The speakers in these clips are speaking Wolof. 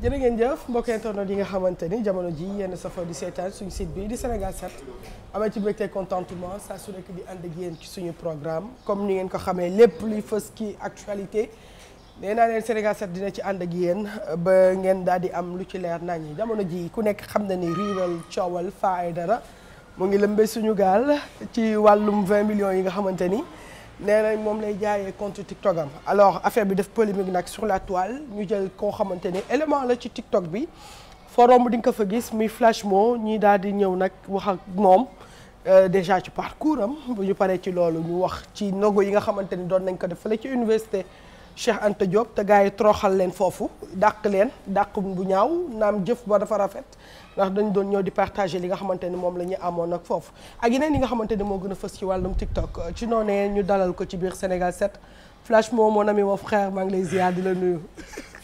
jërë ngeen jëf mbokk internet yi nga xamante ni jamono ji yenn safa di seetaan suñu site bi di Sénégal 7 amee ci mbégte contentement sa su nekk di ànd ak yéen ci suñu programme comme ni ngeen ko xamee lépp luy fës ki actualité nee naa leen Sénégal 7 dina ci ànd ak yéen ba ngeen daal di am lu ci leer naññi jamono ji ku nekk xam na ni riiral coowal Fa dara mu ngi lëmbe suñu gaal ci wàllum 20 millions yi nga xamante ni nee nañ moom lay jaayee compte TikTok am alors affaire bi def polémique nag sur la toile ñu jël koo xamante ni élément la ci TikTok bi forum di nga ko fa gis muy flash moo ñii daal di ñëw nag wax ak moom euh, déjà ci parcours am bu ñu paree ci loolu ñu wax ci ndogu yi nga xamante ni doon nañ ko def fële ci université. Cheikh Anta Diop te gars yi troxal leen foofu dàq leen dàq bu ñaaw naam jëf ba dafa rafet ndax dañu doon ñëw di partager li nga xamante ni moom la ñu amoon ak foofu ak yeneen yi nga xamante ni moo gën a fës ci wàllum TikTok ci noonee ñu dalal ko ci biir Sénégal set Flash moo mon ami mon frère maa ngi lay ziar di la nuyu.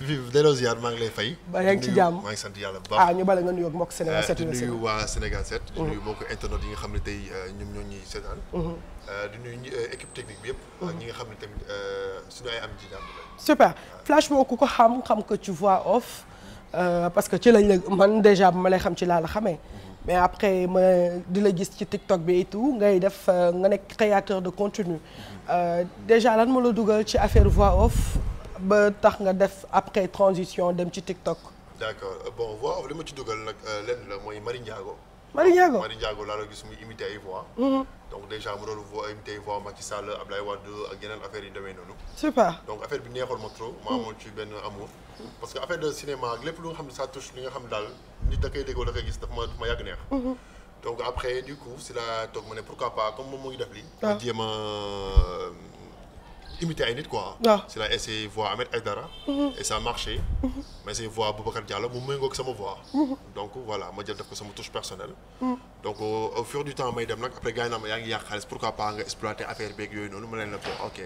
Vivi ziar maa ngi lay fay. ba yaa ngi ci jàmm maa ngi sant yàlla bu baax. ah ñu bala nga nuyoog mbokk Sénégal 7. Ah, nuyu waa Sénégal 7. Mm-hmm. nuyu mbokku internet yi nga xam ne tey euh, ñoom ñoo ñuy seetaan. Mm-hmm. Euh, di nuyu euh, équipe technique bi yëpp. Mm-hmm. ak ñi nga xam ne tamit super ah. Flash moo ku ko xam xam que tu vois off. parce que ci lañ la man déjà bu ma lay xam ci laa la xamee. mais après ma di la gis ci TikTok bi et ngay def nga nekk créateur de continu Euh, déjà lan ma la dugal ci affaire voix off ba tax nga def après transition dem ci TikTok. d'accord euh, bon voix off li ma ci dugal nag euh, lenn la mooy Marie Ndiago. Marie Ndiago Marie Ndiago laa la gis muy imité ay voix. Mm-hmm. donc déjà mu doon voix imité ay voix Macky Sall Abdoulaye Wade ak yeneen affaire yi demee noonu. super donc affaire bi neexoon ma trop. ma mm-hmm. que affaire de cinéma ak lépp nga xam ne ça li nga xam daal nit da koy déggoo da gis daf ma daf neex. Mm-hmm. donc après du coup si la toog ma ne pourquoi pas comme moom mu ngi def lii. waaw ah. jéem euh, ay nit quoi. waaw ah. si la essayé voix Ahmed Aïdara. Mm-hmm. et ça a marché. Mm-hmm. ma essayé voix Boubacar Diallo mu méngóog sama voix. Mm-hmm. donc voilà ma jël def ko sama touche personnelle. Mm. donc au fur du temps may dem nag après gars yi naa ma yaa ngi yàq xaalis pourquoi pas nga exploiter affaire beeg yooyu noonu ma leen la ko ok.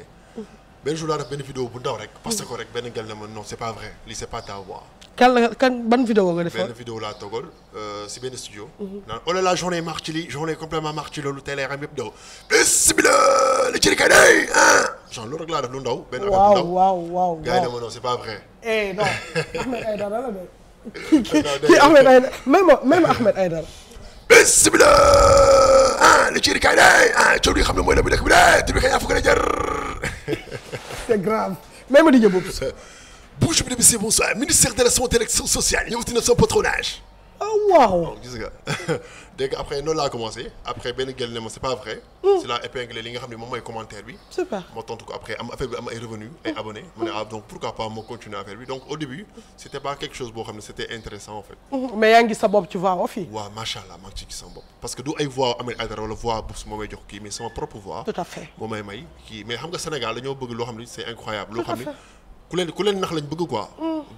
benn jour laa def benn vidéo bu ndaw rek. parce que rek benn gel ne ma non c'est pas vrai lii c'est pas ta voix. kan la kan ban vidéo nga defoon benn vidéo laa toggal euh, si benn studio. Mhm. naan oh là là journée marche ci lii journée complètement marche ci loolu teel a yaram yëpp daw. bismillah li ci kay day ah. genre loolu rek laa def lu ndaw. benn affaire bu ndaw waaw waaw waaw. gars yi ne ma non c'est pas vrai. eh non Ahmed Aïdara la de. kii kii Ahmed Aïdara même même Ahmed Aïdara. bismillah ah li ci kay day ah coow li nga xam ne mooy la bu dëkk bi de tur bi kay yaa fukk na jar. c'est grave même di jëm. Bonjour mesdames et messieurs, bonsoir. Ministère de la Santé et de l'Action sociale, ñëwati na son patronage. ah waaw donc gis dégg après noonu laa commencé après benn gel ne ma c'est pas vrai. Mm. si laa épinglé li nga xam ne moom mooy commentaire bi. super ma tontu ko après am affaire bi am ay revenus ay mm. abonnés ma ne mm. ah donc pourquoi pas ma continuer affaire bi donc au début c'était pas quelque chose boo xam ne c'était intéressant en fait. Mm-hmm. mais yaa ngi sa bopp ci voix off yi. waaw macha ngi ci bopp. parce que du ay voix Ahmed Aïdara wala voix bu ma may jox kii mais sama propre voix.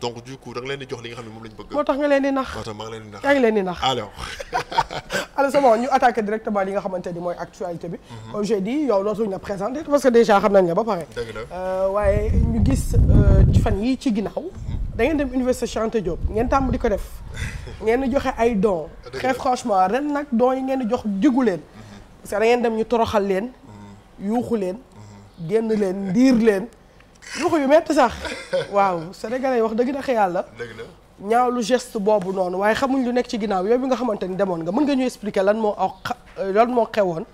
donc du coup da nga leen di jox li nga xam ne moom lañ bëgg. moo tax nga leen di nax moo tax maa ñu attaqué directement li nga xamante ni mooy actualité bi. comme euh, j'ai dit yow dootuñu la présenté parce que déjà xam nañ la ba pare. dëgg la euh, waaye ñu gis euh, ci fan yii ci ginnaaw. Mhm. da ngeen dem université Cheikh Anta Diop ngeen tàmm di ko def ngeen di joxe ay dons. très franchement ren nag dons yi ngeen di jox diggu leen. Mhm. parce que da dem ñu toroxal leen. Mhm. yuuxu leen. génn leen ndiir leen. yuuxu yu metti sax waaw sénégalais yi wax dëgg na yàlla. dëgg la ñaaw lu gest boobu noonu waaye xamuñ lu nekk ci ginnaaw yooyu bi nga xamante ni demoon nga mën nga ñu expliquer lan moo lan moo xewoon.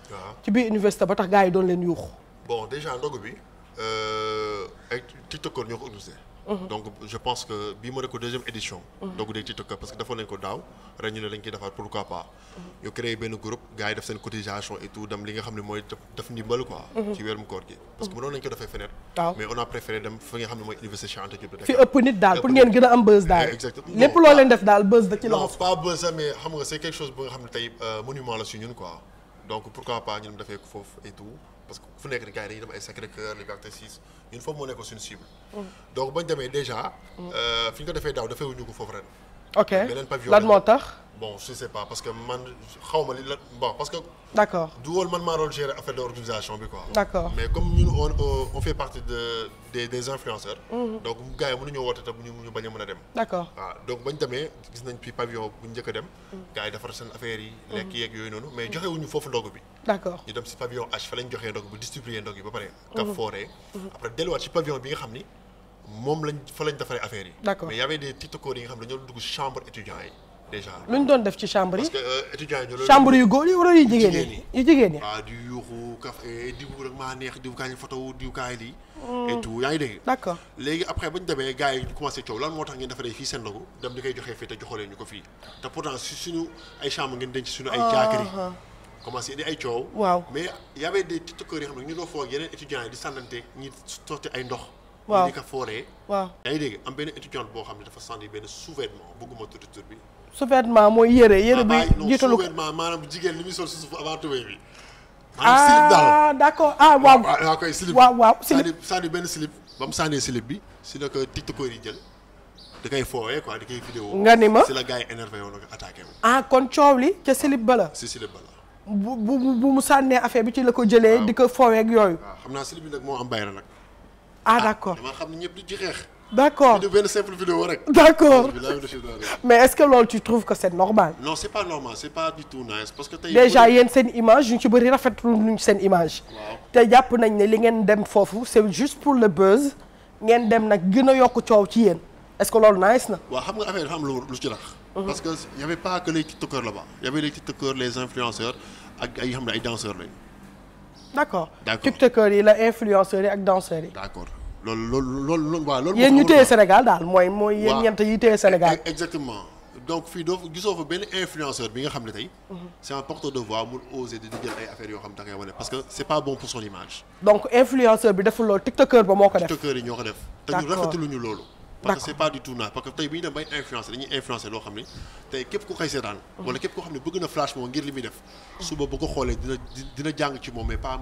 ci biir université ba tax gaa yi doon leen yuuxu. bon déjà ndogu bi euh, ay tiktokers ñoo ko organisé Mhm. donc je pense que bii moo nekk ko deuxième édition. Mhm. donc day TikTok parce que defoon nañ ko daaw ren ñu koy defaat pourquoi mhm. quoi. parce que mënoon nañ ko defee feneen. waaw mais on a préféré dem fi nga xam ne mooy université Cheikh Anta Diop fi ëpp nit daal pour ngeen gën a am buzz daal. exactement lépp def daal buzz da ci loxo. non pas buzz mais xam nga c'est quelque chose bu nga xam ne tey euh, monument la si ñun quoi donc pourquoi pas ñu dem defee ko ñun foofu moo nekkoon suñu cible. Mm. donc bañ demee déjà. Euh, fi ñu ko defee daaw defeewuñu ko foofu ren. ok beneen pavillon lan moo tax. bon je sais pas parce que man xaw ma li la bon parce que. d' accord du woon man maa doon gérer affaire de organisation bi quoi. d' accord mais comme ñun on on fait partie de des influenceurs. Mm-hmm. donc gars yi mënuñoo woote te ñu ñu bañ a mën a dem. d' accord waaw donc bañ demee gis nañ fi pavillon bu njëkk a dem. Mm. gars yi defar seen affaire yi. lekk mm-hmm. yooyu noonu mais joxewuñu foofu ndogu bi. d' accord ñu dem si pavillon H fa lañ joxee ndog bu distribuer ndog yi ba pare. nga mhm. fooree. Mhm. après delluwaat si pavillon bi nga xam ni moom lañ fa lañ defaree affaire yi. d' accord mais yi nga xam ne dañoo dugg chambre étudiants yi. déjà lu ñu doon def ci chambre yi parce que euh, étudiants yi chambre yu góor yi wala yu jigéen ñi ah, di yuuxu café eh, diw rek maa neex diw kaay photo diw kaay lii mm. tout yaa dégg d'accord léegi après ba demee gars yi commencé lan moo tax ngeen defaree fii seen ndogu dem commencé di ay coow. waaw mais y avait des tiktokers yoo xam ne ñu doon foog yeneen étudiants yi di sànnante ñi sotti ay ndox. waaw ñu di ko fooree. waaw yaa ngi dégg am benn étudiante boo xam ne dafa sànni benn sous-vêtement bëgguma tuddi tur bi. sous-vêtement mooy yére yére bi ah, jiitalu ko sous-vêtement maanaam jigéen li muy sol si suuf avant tubéy bi. Ah, maanaam slip daal ah d'accord ah waaw. Ah, waaw koy slip ko tiktokers yi jël. da koy foowee quoi da koy nga ni ma si la gars yi énervé woon nga attaqué ah kon coow li ca slip ba si slip ba bu bu bu mu sànnee affaire bi ci la ko jëlee. di ko fowee ak yooyu. waaw ah, xam ah, ah, mais est ce que loolu tu que c' est normal. non c' est pas normal c' est pas du tout nice parce que tey déjà yéen seen image ñu ci bëri rafetlu nañ seen image. te jàpp nañ ne li ngeen dem foofu c' est juste pour le buzz ngeen dem nag gën a yokk coow ci yéen est ce que loolu nice na. waaw xam nga affaire dafa am lu ci rax. Mhm. parce que y' avait pas que les tiktokers là-bas y' avait les tiktokers les influenceurs. ak ay xam ne ay danseurs lañu. d' accord tiktokers yi la influenceurs yi ak danseurs yi. d' accord loolu loolu loolu loolu waaw loolu. yéen ñu téye Sénégal daal mooy mooy yéen ñeent yi téye Sénégal. E-, exactement donc fii doo gisoo fa benn influenceur bi nga xam ne tey. c' est un porteur de voix mu osé di jël ay affaires yoo xam da ngay wane parce que c' pas bon pour son image. donc influenceur bi deful loolu tiktoker ba moo ko def. tiktoker yi ñoo ko def. d' accord te ñu parce que c'est pas du tout naa parce que tey képp ku koy seetaan mm-hmm. wala képp koo xam ne bëgg na flash moom ngir li muy def mm-hmm. suba bu ko xoolee dina jàng ci moom mais pas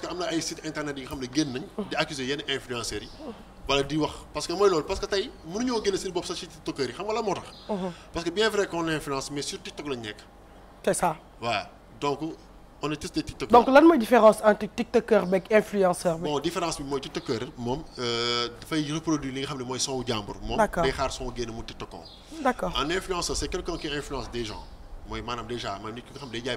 que am na ay site internet yi nga xam ne génn nañ. Mm-hmm. di accuser yenn influenceurs yi. wala di wax parce que mooy loolu parce que tey mënuñoo génne seen bopp sax si tiktokeur yi xam nga moo tax. parce que bien vrai qu'on influence mais sur tiktok lañ nekk. c'est ça waaw donc on est tous des tiktokers. donc lan mooy différence entre tiktoker beeg influenceur bi. bon différence bi mooy tiktoker moom euh, dafay reproduire li nga xam ne mooy sonu jàmbur. moom day xaar son génn mu tiktokon. d'accord un influenceur c'est quelqu'un qui influence des gens mooy maanaam déjà maanaam nit mm. nit ñi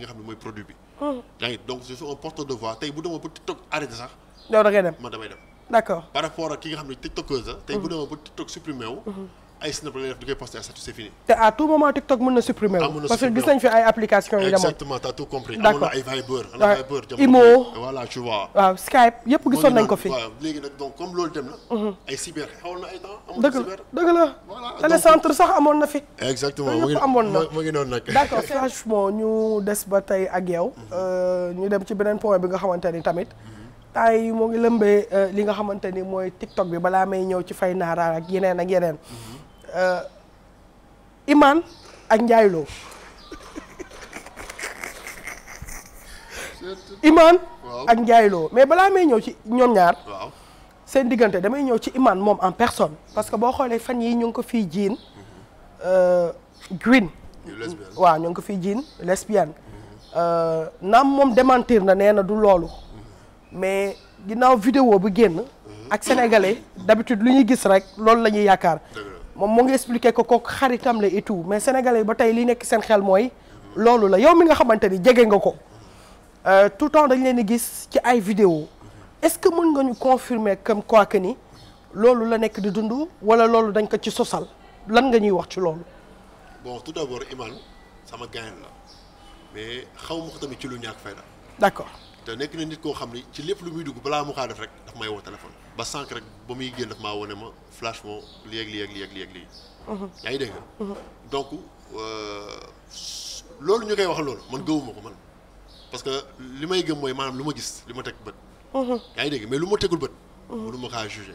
nga xam ne mooy produit bi. Mm. yaa donc je suis porte de voix tey bu demoon ba TikTok arrêté sax. yow da dem man damay dem. d'accord par rapport ak ki nga xam ne tiktokeuse la. tey à statut mhm. c'est fini. te à tout moment tiktok mën na supprimer wu. gis nañ fi ay applications exactement t'as tout compris. d'accord amoon na ay loolu dem na. Mhm. sax amoon na fi. exactement mu ngi amoon na mu ngi noonu nag. d'accord franchement ñu des ba tey ak yow. Mhm. Euh, ñu dem ci beneen point bi nga xamante ni tamit. temps yi moo ngi lëmbee euh, li nga xamante ni mooy TikTok bi balaa may ñëw ci fay naaraan ak yeneen ak yeneen. imaan ak njaayloo Iman ak Ndiaye mais balaa may ñëw ci ñoom ñaar. seen diggante damay ñëw ci Iman moom en personne parce que boo xoolee fan yi ñu ngi ko fii jiin. Euh, green. waa ñu ngi ko fii jiin lesbienne. Euh, naam moom démentir na nee na du loolu. mais ginnaaw vidéo bu génn ak sénégalais d'habitude lu ñuy gis rek loolu la ñuy yaakaar moom mu ngi expliqué ko kooku xaritam la et mais sénégalais ba tey li nekk seen xel mooy loolu la yow mi nga xamante ni jege nga ko euh, tout le temps dañ leen di gis ci ay vidéo est-ce que mën nga ñu confirmer comme quoi que ni loolu la nekk di dund wala loolu dañ ko ci sosal lan nga ñuy wax ci loolu bon tout sama gain la xaw ma ko ci lu ñàkk fayda d'accord te nekk na nit koo xam ni ci lépp lu muy dugg balaa mu kaa def rek daf may woo téléphone ba sànq rek ba muy génn daf maa wone ma flash moo léeg léeg léeg léeg léeg yaa ngi dégg uh-huh. donc euh, loolu ñu koy wax loolu man gëwuma ko man parce que li may gëm mooy maanaam lu ma gis li ma teg bët uh-huh. yaa ngi dégg mais lu ma tegul bët uh-huh. mënu ma kaa jugé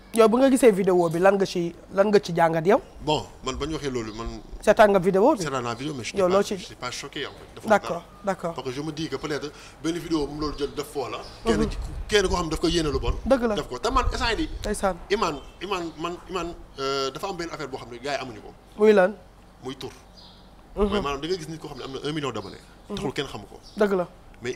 yow bu nga gisee vidéo bi lan nga ci lan nga ci jàngat yow. bon man ba ñu waxee loolu man. seetaan nga vidéo bi seetaan naa vidéo mais. yow loo ci je n'étais d' d' accord parce que je me dis que peut être benn vidéo mu loolu jël def foo mhm. kenn koo xam daf ko yéene lu bon. dëgg la daf ko te man instant yii. ndeysaan Iman Iman man Iman euh, dafa am benn affaire boo xam ne gars yi amuñu ko. muy lan. muy tur. Mhm. mooy maanaam da nga gis nit koo xam ne am na un million d' abonnés. Mhm. taxul kenn xamu ko. dëgg la mais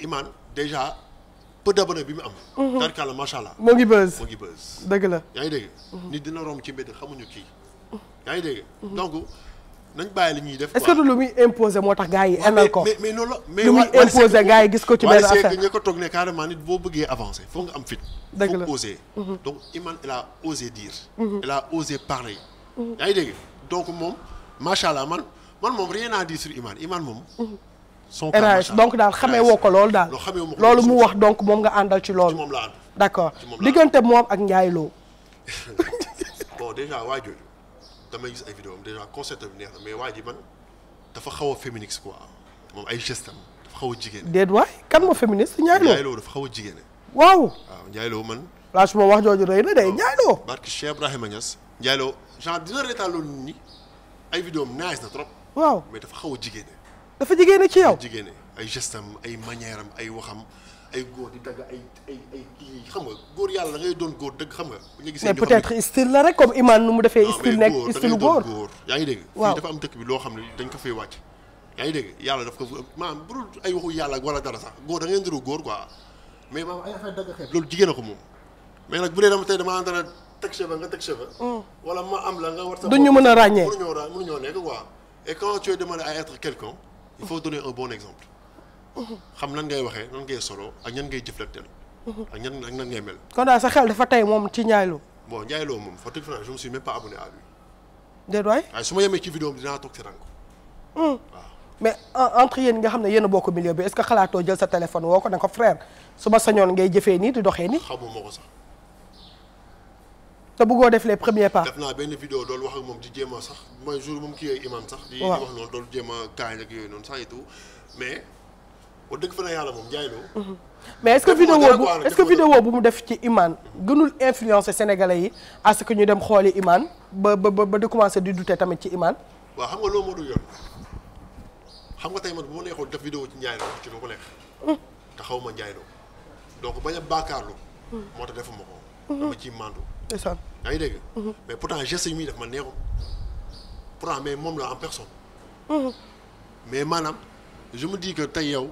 peu d'abonnés bi mu am. Mhm. tarkalla macha allah. moo ngi buzz moo ngi buzz. dëgg la yaa dégg. Mhm. nit dina romb ci mbedd xamuñu kii. Mhm. yaa dégg. donc nañ bàyyi li ñuy def. est-ce que lu muy imposer moo tax gars yi enal ko. mais mais loolu la mais lu muy imposer gars yi gis ko ci benn affaire waaye ña ko toog nit boo bëggee avancer foog nga am fit. dëgg la foog oser. donc Imane elle a a osé parler. yaa ngi dégg donc moom macha allah man man moom rien à sur Imane Imane moom. RAS donc daal xamee woo ko loolu daal loolu mu wax donc moom ga nga àndal ci loolu d' accord diggante moom ak Ndiaye Lo bon déjà waa jooju damay gis ay vidéo am déjà concert bi neex mais waa ji man dafa xaw a quoi moom ay gestes xaw jigéen déet waay kan moo féministe Ndiaye Lo Ndiaye dafa xaw a jigéen waaw waaw Ndiaye man laa su wax jooju rëy na de Ndiaye Lo barke Cheikh Ibrahima Niass Ndiaye Lo genre dina reetaan loolu ni ay vidéo am na trop waaw mais dafa xaw jigéen dafa jigéene ci yow jigéene ay gestam ay manière am ay waxam ay góor di dagg ay ay xam nga góor yàlla da ngay doon góor dëgg xam nga. bu ñu gisee mais peut-être style la rek comme Iman nu mu defee. style nekk style góor góor yaa ngi dégg. dafa am dëkk bi loo xam ne dañ ko fay wàcc. yaa yàlla daf ko maanaam bu dul ay waxu yàlla wala dara sax góor da ngay ndiru góor quoi mais maanaam ay loolu jigéen ko moom. mais nag bu dee dama tey damaa dara teg cheveux nga teg cheveux. Mm. wala ma am la nga war sa. ñu mën a ràññee mënuñoo ràññee mënuñoo nekk quoi et quand tu es demandé il faut donner un bon exemple. xam nan ngay waxee nan ngay solo ak ñan ngay jëflanteel. ak ñan ak nan ngay mel. kon daal sa xel dafa tey moom ci Ndiaye Lo. bon moom fa tëj je me suis même pas su ma yemee ci vidéo bi dinaa si rang. Hmm. waaw mais entre yéen nga xam ne yéen a bokk milieu bi est-ce que xalaatoo jël sa téléphone woo ko ne ko frère su ma sañoon ngay jëfee nii di doxee nii. xamuma ko sax. te bëggoo def les premiers pas. def naa benn vidéo doolu wax ak moom ci jéem a sax mooy jour moom kii ay imam sax. di wax noonu doolu jéem a kaay rek yooyu noonu sax et tout mais ba dëgg fa na yàlla moom jaay loo. Mm-hmm. mais est-ce que vidéo bu est-ce que def ci Imane gënul influencer sénégalais yi à que ñu dem xooli Imane ba ba ba di commencer tamit ci Imane. waaw xam nga loolu moo dul yoon xam nga tey man boo ma neexoon def ci Ndiaye Lo ci lu ko neex. Mm. te xaw ma Ndiaye Lo ba bañ a baakaarlu. Mm. moo tax defuma ko. dama ciy mandu ndeysaan yaa ngi dégg mhm. mais pourtant geste muy def ma neexul pourtant mais moom la am personne mhm. mais maanaam je me dis tey yow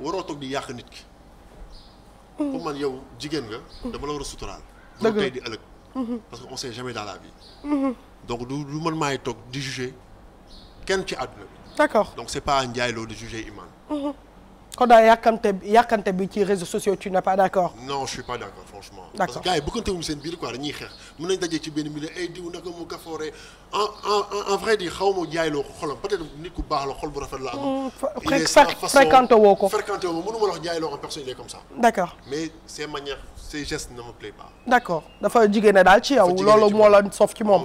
waroo toog di yàq nit ki mhm. pour man yow jigéen nga dama la war a suturaal doo tey di ëllëg parce que on sait jamais dans la vie donc du du man maay toog di juger kenn ci àdduna bi d'accord donc c'est pas Ndiaye Lo di juger Imane kon daal yàkkante yàkkante bi ci réseaux sociaux tu n'es pas d'accord. non je suis pas d'accord franchement. d'accord parce que biir quoi dañuy xeex ci benn eh, xaw ma jaay loo xolam peut-être nit ku baax bu rafet la am. Mm, il est sans façon fréquenté woo ko fréquenté ko mënuma la wax jaay loo en ne me plaît pas. d'accord dafa jigéen ne daal ci yow. loolu moo la sof ci moom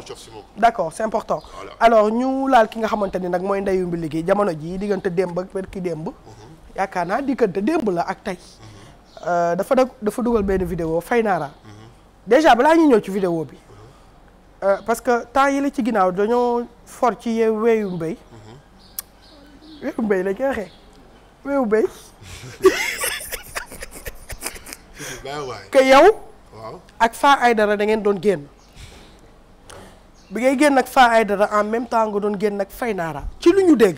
d'accord c'est important. alors ñu laal ki nga xamante ni nag mooy ndeyu mbi liggéey jamono jii diggante démb ak ki démb mhm. yaakaar naa diggante démb la ak tey euh, dafa dafa dugal benn vidéo fay naara mhm. déjà balaa ñu ñëw ci vidéo bi euh, parce que temps yi la ci ginnaaw dañoo for ci ye weeyu mbéy mhm. weeyu mbéy la mbéy que yow ak Faa Aydara da ngeen doon génn bi ngay génn ak Faa Aydara en même temps nga doon génn ak fay naara ci lu ñu dégg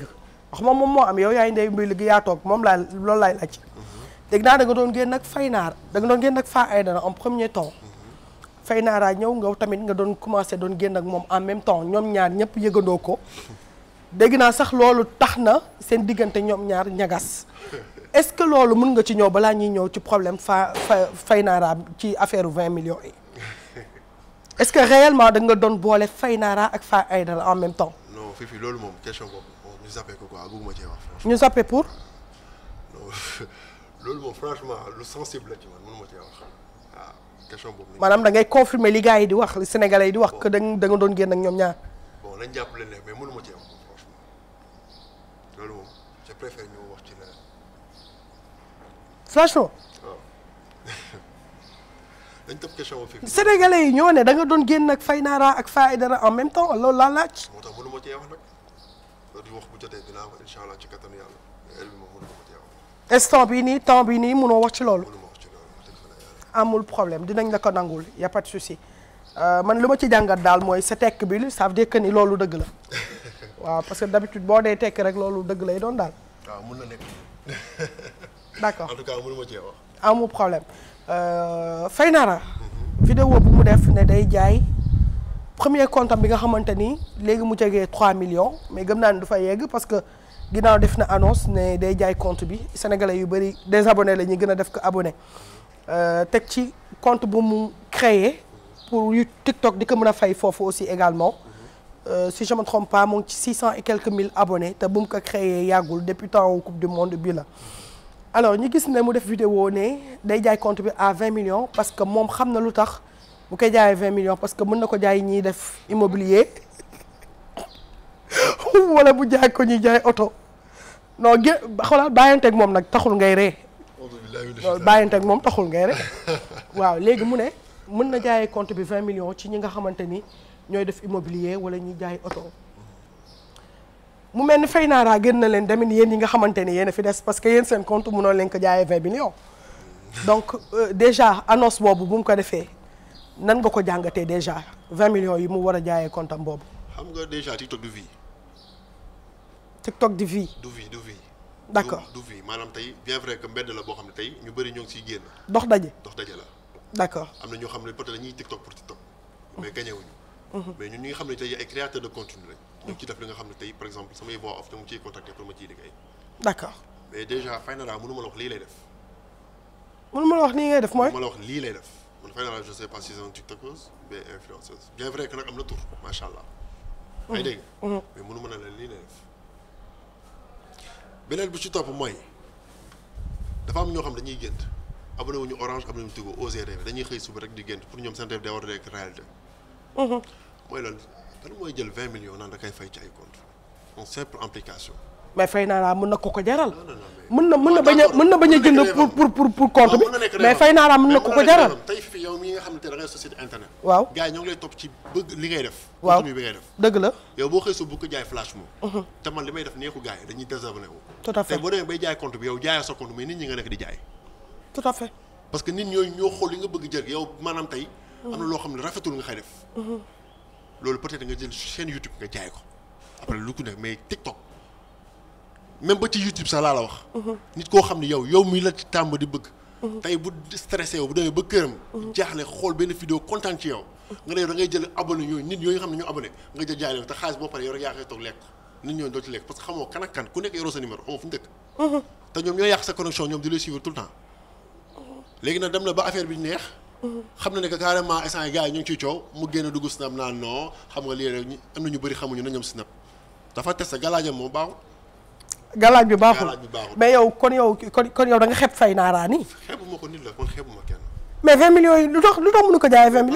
wax moom moom moo am yow yaay ndey mbuy liggéey yaa toog moom laa loolu laay laaj mhm. dégg naa da nga doon génn nag fay naar da nga doon génn nag faa ay dana en premier temps mhm. fay naaraa ñëw nga tamit nga doon commencé doon génn ak moom en même temps ñoom ñaar ñëpp yëgandoo ko dégg naa sax loolu tax na seen diggante ñoom ñaar ñagas est-ce que loolu mën nga ci ñëw balaa ñuy ñëw ci problème fa fay naaraa ci affaire vingt millions yi est-ce que réellement da nga doon boole fay naaraa ak faa ay dana en même temps non fifi loolu moom question boobu ñu zappé ko quoi bëgguma cee wax franchement. ñu zappé pour. loolu moom franchement lu sensible la ci man mënuma cee wax waaw ah, question boobu. maanaam da ngay confirmer li gars yi di wax li sénégalais yi di wax que da danga doon génn ak ñoom ñaar. bon jàppale ne mais mënuma cee wax franchement loolu wax ci leneen. Flash ah. Flash. yi ñoo ne da nga doon génn ak Faynara ak Faidara en même temps loolu laa laaj. moo tax cee wax di jotee bi moom mënu ko teew. instant bii nii temps bi nii mënoo wax ci loolu. amul problème dinañ la ko nangul y' a pas euh, man lu ma ci jàngat daal mooy sa tekk bi ça veut dire que ni loolu dëgg la waaw parce que d' boo dee tekk rek loolu dëgg lay doon daal. waaw mun na nekk. ma cee wax. amul problème euh, Faynara. Mhm. vidéo bu mu def ne day jaay. premier compte bi nga xamante ni léegi mu jegee 3 millions mais gam naa ni du fa yegg parce que ginnaaw def na annonce ne day jaay compte bi sénégalais yu bëri des abonnés la ñuy gën a def ko abonné euh, teg ci compte bu mu créé pour yu TikTok di ko mën a fay foofu aussi également euh, si je me pas mu ngi ci 600 et quelques mille abonnés te bu mu ko créé yàggul depuis temps coupe du monde bi la. alors ñu gis ne mu def vidéo ne day jaay compte bi à 20 millions parce que moom xam na lu tax. bu koy jaayee vingt millions parce que mën na ko jaay ñiy def immobilier wala bu jaay ko ñuy jaay oto non gé xoolal bàyyanteeg moom nag taxul ngay ree bàyyanteeg moom taxul ngay ree waaw léegi mu ne mën na jaayee compte bi vingt millions ci ñi nga xamante ni ñooy def immobilier wala ñuy jaay oto mu mel ni fay naaraa gën na leen tamit yéen yi nga xamante ni yéen a fi des parce que yéen seen compte mënoo leen ko jaayee vingt millions hmm. donc euh, déjà annonce boobu bu mu ko defee nan nga ko jàngatee déjà 20 millions yi mu war a jaayee compte am boobu. xam nga déjà TikTok du vie. TikTok du vie. du vie du vie. d'accord du vie maanaam tey bien vrai que mbedd la boo xam ne tey ñu bëri ñoo ngi siy génn. dox daje dox daje la. d'accord am na ñoo xam ne peut-être dañuy TikTok pour TikTok. Mm-hmm. mais gagné wuñu. Mm-hmm. mais ñun ñi xam ne tey ay créateurs de contenu lañ. ñoo ci def li nga xam ne tey par exemple samay voix off dama ciy contacté pour ma ciy liggéey. d'accord mais lii lay def. mënu ma wax nii ngay def mooy. mënu ma lii lay def. man fay naa je sais pas si c'est un tiktokeuse mais influenceuse bien vrai nag am na tur macha allah. ay dégg mm-hmm. Mm-hmm. mais mënu mën a leen lii lay def bi ci topp mooy dafa am ñoo xam dañuy gént abonné wuñu orange abonné wuñu Tigo osé rêve dañuy xëy suba rek di gént pour ñoom seen rêve day war a nekk réalité mm-hmm. mooy loolu lan mooy jël vingt millions naan da fay ci ay compte en simple implication mais fay naa laa mën na ko ko jaral. mën na mën na bañ a mën na bañ a jënd pour pour pour pour compte bi mais fay naa laa mën na ko ko jaral. tey fii yow mii nga xam ne da ngay société waaw gars ñoo ngi lay topp ci bëgg li ngay def. waaw dëgg la. yow boo xëy su bu ko jaay flash moom. Mhm. te li may def neexu gars dañuy désabonné wu. tout nga nekk di jaay. tout à fait. parce que nit ñoo xool li nga bëgg jël yow maanaam tey. am na loo xam ne rafetul nga xay def. Mhm. loolu peut-être nga jël chaîne YouTube nga jaay ko après lu ko nekk mais TikTok même ba ci YouTube sax laa la wax. nit koo xam ne yow yow mii la ci tàmb di bëgg. tey bu stressé yow bu demee ba këram. jaaxle xool benn vidéo kontaan ci yow. nga ne yow da jël abonné yooyu nit yooyu nga xam ne ñu abonné nga jël jaay te xaalis boo paree yow rek yaa koy toog lekk nit ñooñu doo ci lekk parce que xamoo kan ak kan ku nekk yoroo sa numéro xamoo fu mu te ñoom ñooy yàq sa connexion ñoom di lay suivre tout temps. léegi nag dem na ba affaire bi neex. xam na ne que carrément instant ñu ngi ciy coow mu génn dugg snap naan non xam nga lii rek am na ñu bëri xamuñu na ñoom snap dafa testé galaajam moom baaxul galaaj bi baaxul galaaj bi baaxul mais yow kon yow kon kon yow da fay naaraani. xeebu ma ko nit la kon xeebu ma kenn. mais 20 millions yi lu tax lu tax mënu ko jaayee 20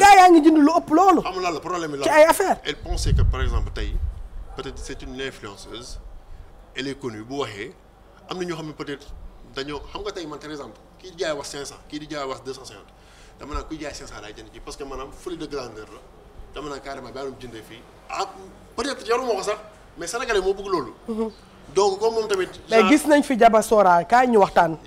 yaa ngi jënd lu ëpp loolu. xam nga la problème la ci ay affaire elle pensait que par exemple tey peut-être c'est une influenceuse elle bu waxee am na ñoo xam ne peut-être dañoo xam nga tey man par exemple kii di jaay wax 500 kii di jaay wax 250 dama naan kuy jaay 500 laay jënd ci parce que maanaam folie de grandeur la. dama naan carrément baalu mu jëndee fii ah peut-être jaruma ko sax mais sénégalais moo bëgg loolu. donc comme moom tamit. mais gis nañ fi jaba sora kaay ñu waxtaan.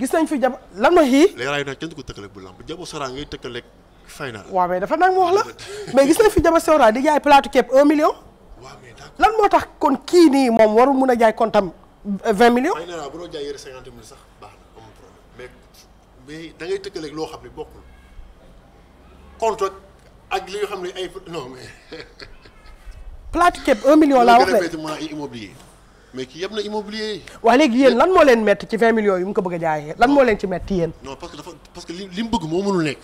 gis nañ fi jaba lan ma xii. léegi raay nag ko tëkkaleeg bu lamb jaba sora ngay tëkkaleeg fay na la. waaw mais dafa nag mu wax la mais gis nañ fi jaba sora di jaay plateau képp 1 million. lan moo tax kon kii nii moom warul mun a jaay kontam 20 millions. fay na la bu doon jaay yëre sax baax na amul da ngay tëkkaleeg loo xam ne bokkul ak li nga xam ne ay non mais. plate képp un million laa wax de ay immobilier mais ki yëpp na immobilier yi. wax léegi yéen lan moo leen métti ci vingt millions yi mu ko bëgg a jaayee lan moo leen ci métti yéen. non parce que dafa parce que li li mu bëgg moo mënul nekk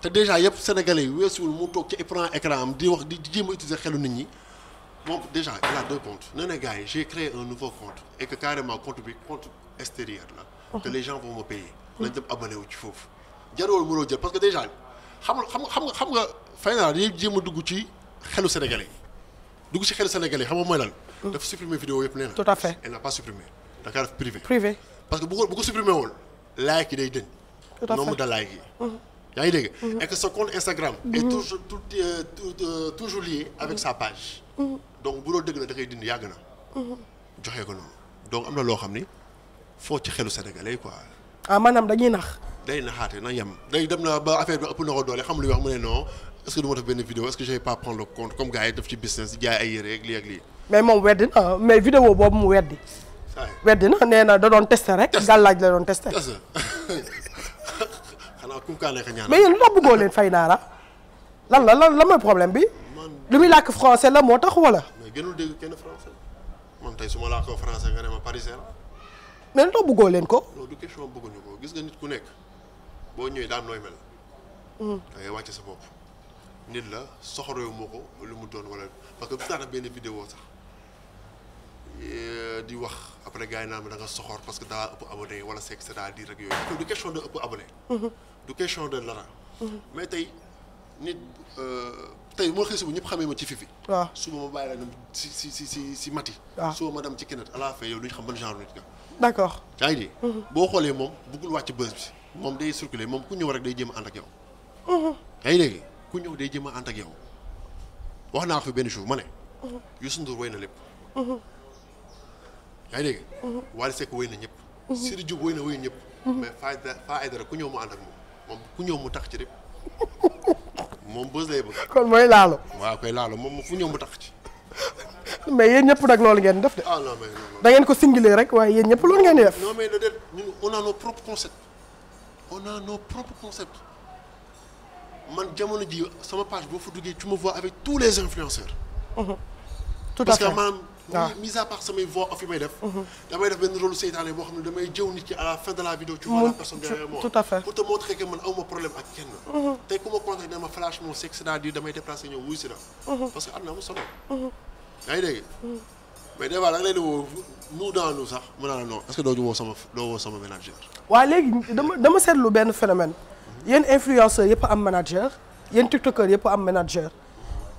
te déjà yëpp sénégalais yi weesuwul mu toog ci écran écran am di wax di jéem a utiliser xelu nit ñi moom déjà il a deux comptes nee na gars yi j'ai créé un nouveau compte et que carrément compte bi compte extérieur la. que les gens wu ci foofu jarul mënoo jël parce xam xam xam nga xam nga final dañuy jéem a dugg ci xelu sénégalais yi dugg ci xelu sénégalais yi xam nga mooy lan. Mm. dafa supprimer vidéo yëpp nee na. tout à fait elle n'a pas supprimé da kaa def privé. privé parce que bu ko supprimer woon like yi day dëñ. tout à fait nombre de like yi. Mm-hmm. yaa ngi dégg. Mm-hmm. et que son compte Instagram. est mm-hmm. toujours tout euh, euh, toujours lié avec sa page. donc bu doon dëgg la da koy dindi yàgg na. joxe ko noonu donc am na loo xam ni foo ci xelu sénégalais quoi. ah maanaam dañuy nax. day naxaate na yem day dem na ba affaire bi ëpp na ko doole xam lu wax mu ne non est-ce que du ma def benn vidéo est-ce que je vais pas prendre le compte comme gars yi di jaay ay yére ak lii ak lii. mais moom weddi na mais vidéo boobu mu weddi. weddi na nee na da doon testé rek. gàllaaj la doon testé. xanaa kum kaa nekk ñaan mais yéen lu tax bëggoo leen fay naara lan la lan la mooy problème bi. lu muy làkk français la moo tax wala. mais gënul dégg kenn français man tey ma làkkoo français nga ne ma parisien leen ko. non du bëgguñu ko gis nga nit ku nekk. boo ñëwee daam nooy mel. Mm. da ngay wàcce sa bopp. nit la soxoroo moo ko lu mu doon wala parce que gis naa nag benn vidéo sax euh, di wax après gars yi naan da nga soxor parce que daa ëpp abonné wala c'est c'est-à-dire rek du question de ëpp lara. Mm-hmm. Mm-hmm. mais tey nit euh, tey moo xëy bu ñëpp xamee ma ci fifi. waaw suba ma bàyyi la dem si si si si si mati. suba ma dem ci keneen à la fin xam ban genre nit nga. d'accord. yaa ngi mm-hmm. boo xoolee moom bëggul wàcc bës bi. moom day circuler moom ku ñëw rek day jéem a ànd ak yow. Uh-huh. yaa dégg ku ñëw day jéem a ànd ak yow wax naa ko fi benn jour ma ne. Uh-huh. Youssou Ndour woy na lépp. Uh-huh. yaa ngi dégg. Wally Seck woy na ñëpp. Sidy Diop woy na woy ñëpp. mais Fa Fa Aïdara ku ñëw mu ànd ak moom moom ku ñëw mu tax ci rek moom bës lay bëgg. kon mooy laalo. waaw koy laalo moom fu ñëw mu tax ci. mais yéen ñëpp nag loolu ngeen def de. ah da ngeen ko singulier rek waaye yéen ñëpp loolu ngeen di on a nos propres concepts man jamono ji sama page boo fa duggee tu me vois avec tous les influenceurs. Mmh. tout à parce que maanaam. Ah. waaw à part samay voix off yi may def. Mhm. damay def benn rôle seytaane boo xam ne damay jëw nit ki à fin de la vidéo. tu vois la personne derrière moi tout à fait pour te montrer que man awma problème ak kenn. Mhm. tey ku ma contacté dama flash mon sexe cest à damay déplacé ñëw wuy mhm. parce que am na mu solo. yaa mais des fois da nga leen woo nous dans nous sax mu naan non est doo woo sama doo woo sama manager. waaw léegi dama dama seetlu benn phénomène yenn influenceurs yëpp am manager yéen tiktokers yëpp am manager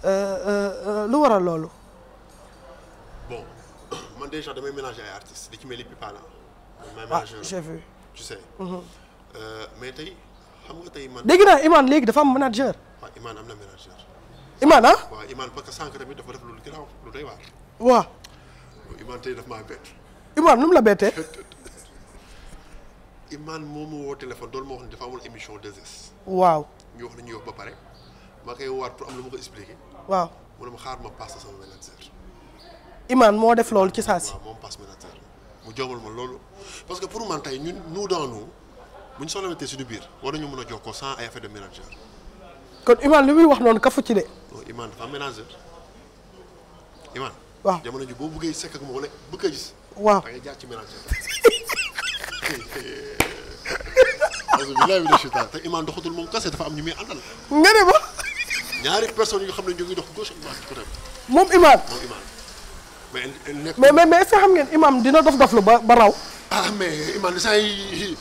euh, euh, euh, lu waral loolu. bon man déjà damay ménager ay artistes ah, mhm. mais tey tey man. dégg naa Iman léegi dafa am manager. waaw Iman am na manager. Ah? que tamit dafa def lu garaaw lu doy waar. waaw. Iman tey daf maa bett. Iman mu la bettee. moom moo woo téléphone doon moo émission 2 waaw ñu wax ne ñuy wax ba pare ma koy waat lu ma ko waaw mu ne ma xaar ma passe sama manager. moo def loolu ci saa si. waaw moom passe mu joomal ma loolu parce que pour man tey ñun nous dans nous bu ñu soxlawee biir war nañu mën a jokkoo sans ay affaire de manager. kon Iman li muy wax noonu kafu ci de. non Iman dafa am manager waaw jamono ji boo bëggee sekk ak moom wala bëgg a gis. waaw da ngay jaar ci mélange alhamdulilah bi de te imaam doxatul moom kese dafa am ñu muy àndal. nga ne ma. ñaari personnes yoo xam ne ñu ngi dox gauche ak droite côté moom imaam moom imaam. mais nekk mais mais mais est-ce que xam ngeen imaam dina dof dof lu ba ba raw. ah mais imaam saa yi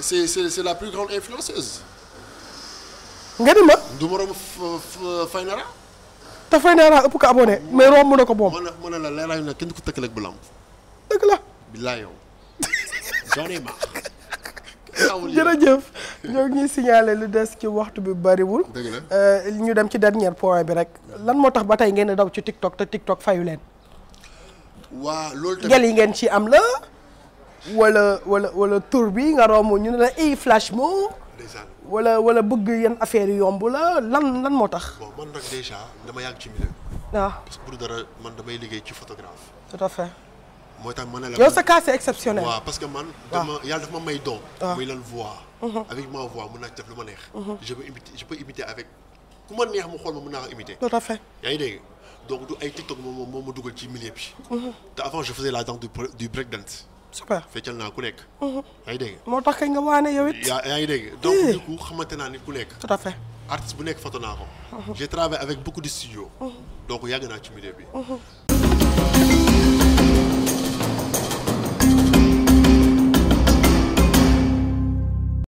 c'est c'est c'est la plus grande influenceuse. nga ne ma. du moroom Faynara. te fay naa ëpp ko abonné mais romb na ko moom. moo ne moo ne la leeraayu na kenn du ko tëkkaleeg bu lamb. dëgg la. billaay yow. zone jërëjëf ñoo ngi signalé lu des ci waxtu bi bariwul. Euh, ñu dem ci dernier point bi rek. lan moo tax ba tey ngeen daw ci TikTok te TikTok fayu leen. waa loolu gel yi ngeen ci am la. walla wala walla tur bi nga romb ñu ne la ay eh, flash moo. wala wala bëgg yenn affaires yu yomb la lan lan moo tax. bon man nag déjà dama yàgg ci milieu. waaw ah. parce que pour dara man damay liggéey ci photographe. tout fait. mooy tax ma la. yow sa parce que man. dama ah. may don. Ah. muy lan voix. Mhm. avec ma voix mun naa def lu ma neex. Mhm. je peux imiter avec ku ma neex mu xool ma mun naa imiter. tout fait. yaa ngi donc du ay TikTok moom moo ma dugal ci milieu bi. Mhm. te avant je faisais la danse du break super feccal naa ku nekk. Mhm. yaa dégg. moo tax kañ nga waane yow it. yaa ngi dégg donc du eh. xamante naa nit ku lekk tout à bu nekk foto naa ko. Mhm. j'ai travaillé avec beaucoup de studios. Mhm. donc yàgg naa ci milieu bi.